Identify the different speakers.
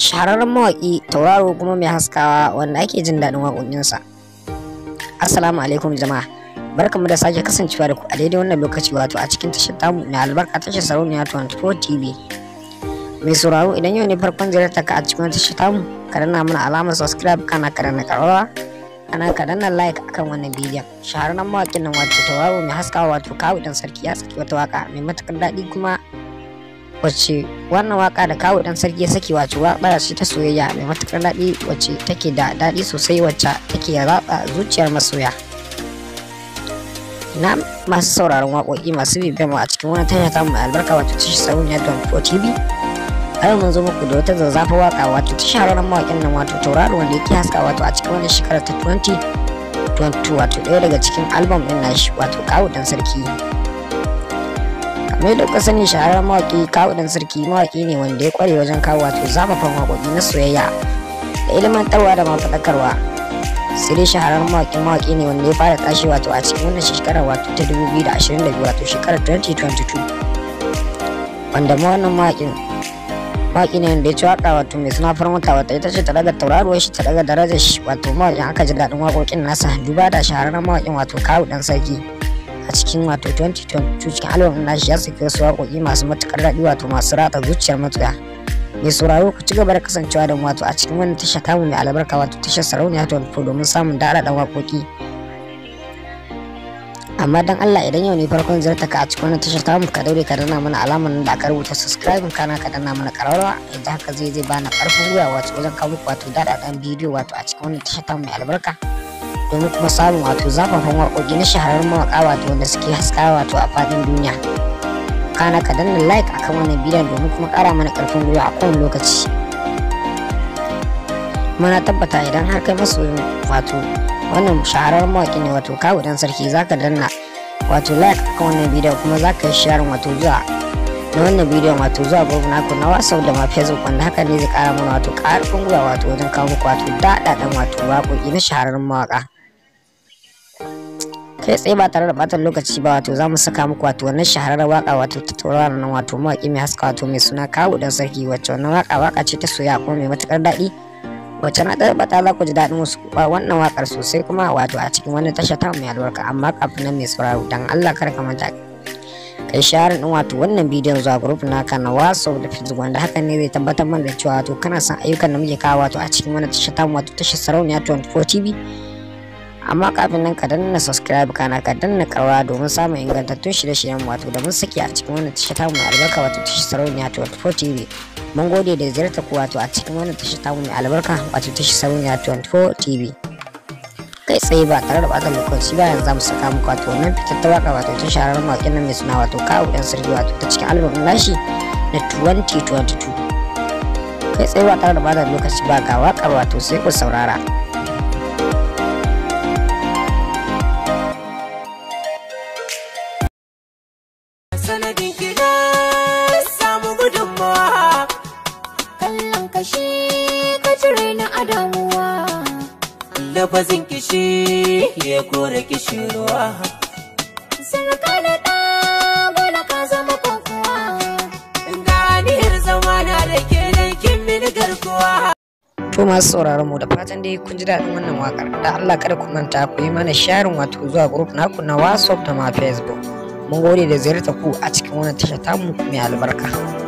Speaker 1: shahararren mawaƙi tauraro kuma mai haskawa wanda ake jin daɗin waƙoƙinsa assalamu alaikum jama'a barkamu da sake kasancewa da ku a daidai wannan lokaci wato a cikin tashar tamu mai albarka tashar sarauniya 24 tv mai sauraro idan yau ne farkon ziyarta ka a cikin tashar tamu ka danna mana alamar subscribe kana ka danna karawa ana ka danna like akan wannan bidiyon shahararren mawaƙin nan wato tauraro mai haskawa wato kawu idan sarki ya saki wata waƙa. mai matukar daɗi kuma wacce wannan waka da kawo dan sarki ya saki wace waka ce ta soyayya mai matukar daɗi wacce take da daɗi sosai wacce take ratsa zuciyar masoya na masu sauraron waƙoƙi masu bibiyar mu a cikin wani tanya ta mai albarka wato tashi sauran yadda ko tv a yau mun zo muku da wata zazzafa waka wato ta shahararren mawaƙin nan wato tauraro wanda yake haska wato a cikin wani shekarar ta 2022 wato ɗaya daga cikin albam ɗin nashi wato kawo dan sarki mai da kuka sani shahararren mawaki kawo dan sarki mawaki ne wanda ya kware wajen kawo wato zafafan waƙoƙi na soyayya da ilmantarwa da mafaɗakarwa sai dai shahararren mawaki mawaki ne wanda ya fara tashi wato a cikin wannan shekarar wato ta 2022 wato shekarar 2022 wanda ma wannan mawakin mawaki ne wanda ya ci waka wato mai suna farmata wata ita ce ta daga tauraruwar shi ta daga darajar shi wato mawakin aka ji daɗin waƙoƙin nasa duba da shahararren mawakin wato kawo dan sarki a cikin wato 2022 cikin album nashi ya saki wasu waƙoƙi masu matuƙar daɗi wato masu rata zuciyar matuƙa mai sauraro ku ci gaba da kasancewa da wato a cikin wani tasha tamu mai albarka wato tashar sarauniya ta wato domin samun da waƙoƙi amma dan Allah idan yau ne farkon ziyarta ka a cikin wani tashar tamu ka daure ka danna mana alamar da aka rubuta subscribe kana ka danna mana karawar idan haka zai zai bana karfin gwiwa wato wajen kawo muku wato daɗaɗɗen bidiyo wato a cikin wani tashar tamu mai albarka domin kuma samun wato zafafan waƙoƙi na shahararren mawaƙa wato wanda suke haska wato a faɗin duniya kana ka danna like akan wannan bidiyon domin kuma ƙara mana ƙarfin gwiwa a kowane lokaci kuma na tabbata idan har kai masoyin wato wannan shahararren mawaƙi ne wato kawu dan sarki zaka danna wato like akan wannan bidiyon kuma zaka yi sharing wato zuwa na wannan bidiyon wato zuwa group naku na wasau da ma Facebook wanda haka ne zai kara mana wato ƙarfin gwiwa wato wajen kawo muku wato daɗaɗan wato waƙoƙi na shahararren mawaƙa. kai tsaye ba tare da batar lokaci ba wato za mu saka muku wato wannan shahararren waka wato ta tauraron nan wato mawaƙi mai haska wato mai suna kawo dan sarki wacce wannan waka waka ce ta soya kuma mai matukar daɗi wacce na ɗaya bata za ku ji daɗin wasu wannan wakar sosai kuma wato a cikin wannan tasha ta mai albarka amma kafin nan mai sauraro dan Allah kar ka manta kai sharin din wato wannan bidiyon zuwa group na na WhatsApp da Facebook wanda hakan ne zai tabbatar mana da cewa wato kana son ayyukan da muke kawo wato a cikin wannan tasha ta wato tashar Sarauniya 24 TV amma kafin nan ka danna subscribe kana ka danna karwa domin samun ingantattun shirye-shiryen wato da mun saki a cikin wannan tashi ta mu albarka wato tashi sarauniya 24 TV mun gode da ziyartar ku wato a cikin wannan tashi ta mu albarka wato tashi sarauniya 24 TV kai tsaye ba tare da bata lokaci ba yanzu mu saka muku wato wannan fitar ta waka wato ta shahararren mawaƙin nan mai suna wato kawo ɗan sirri wato ta cikin album nashi na 2022 kai tsaye ba tare da bata lokaci ba ga wakar wato sai ku saurara lafazin kishi ya kore kishi ruwa. da ɗa ka zama kokowa ganiyar zama na da ke nan kin min garkuwa to masu sauraron mu da fatan dai kun ji daɗin wannan wakar da Allah kada ku manta ku yi mana sharing wato zuwa group naku na WhatsApp da ma Facebook mun gode da ziyartar ku a cikin wannan tasha tamu mai albarka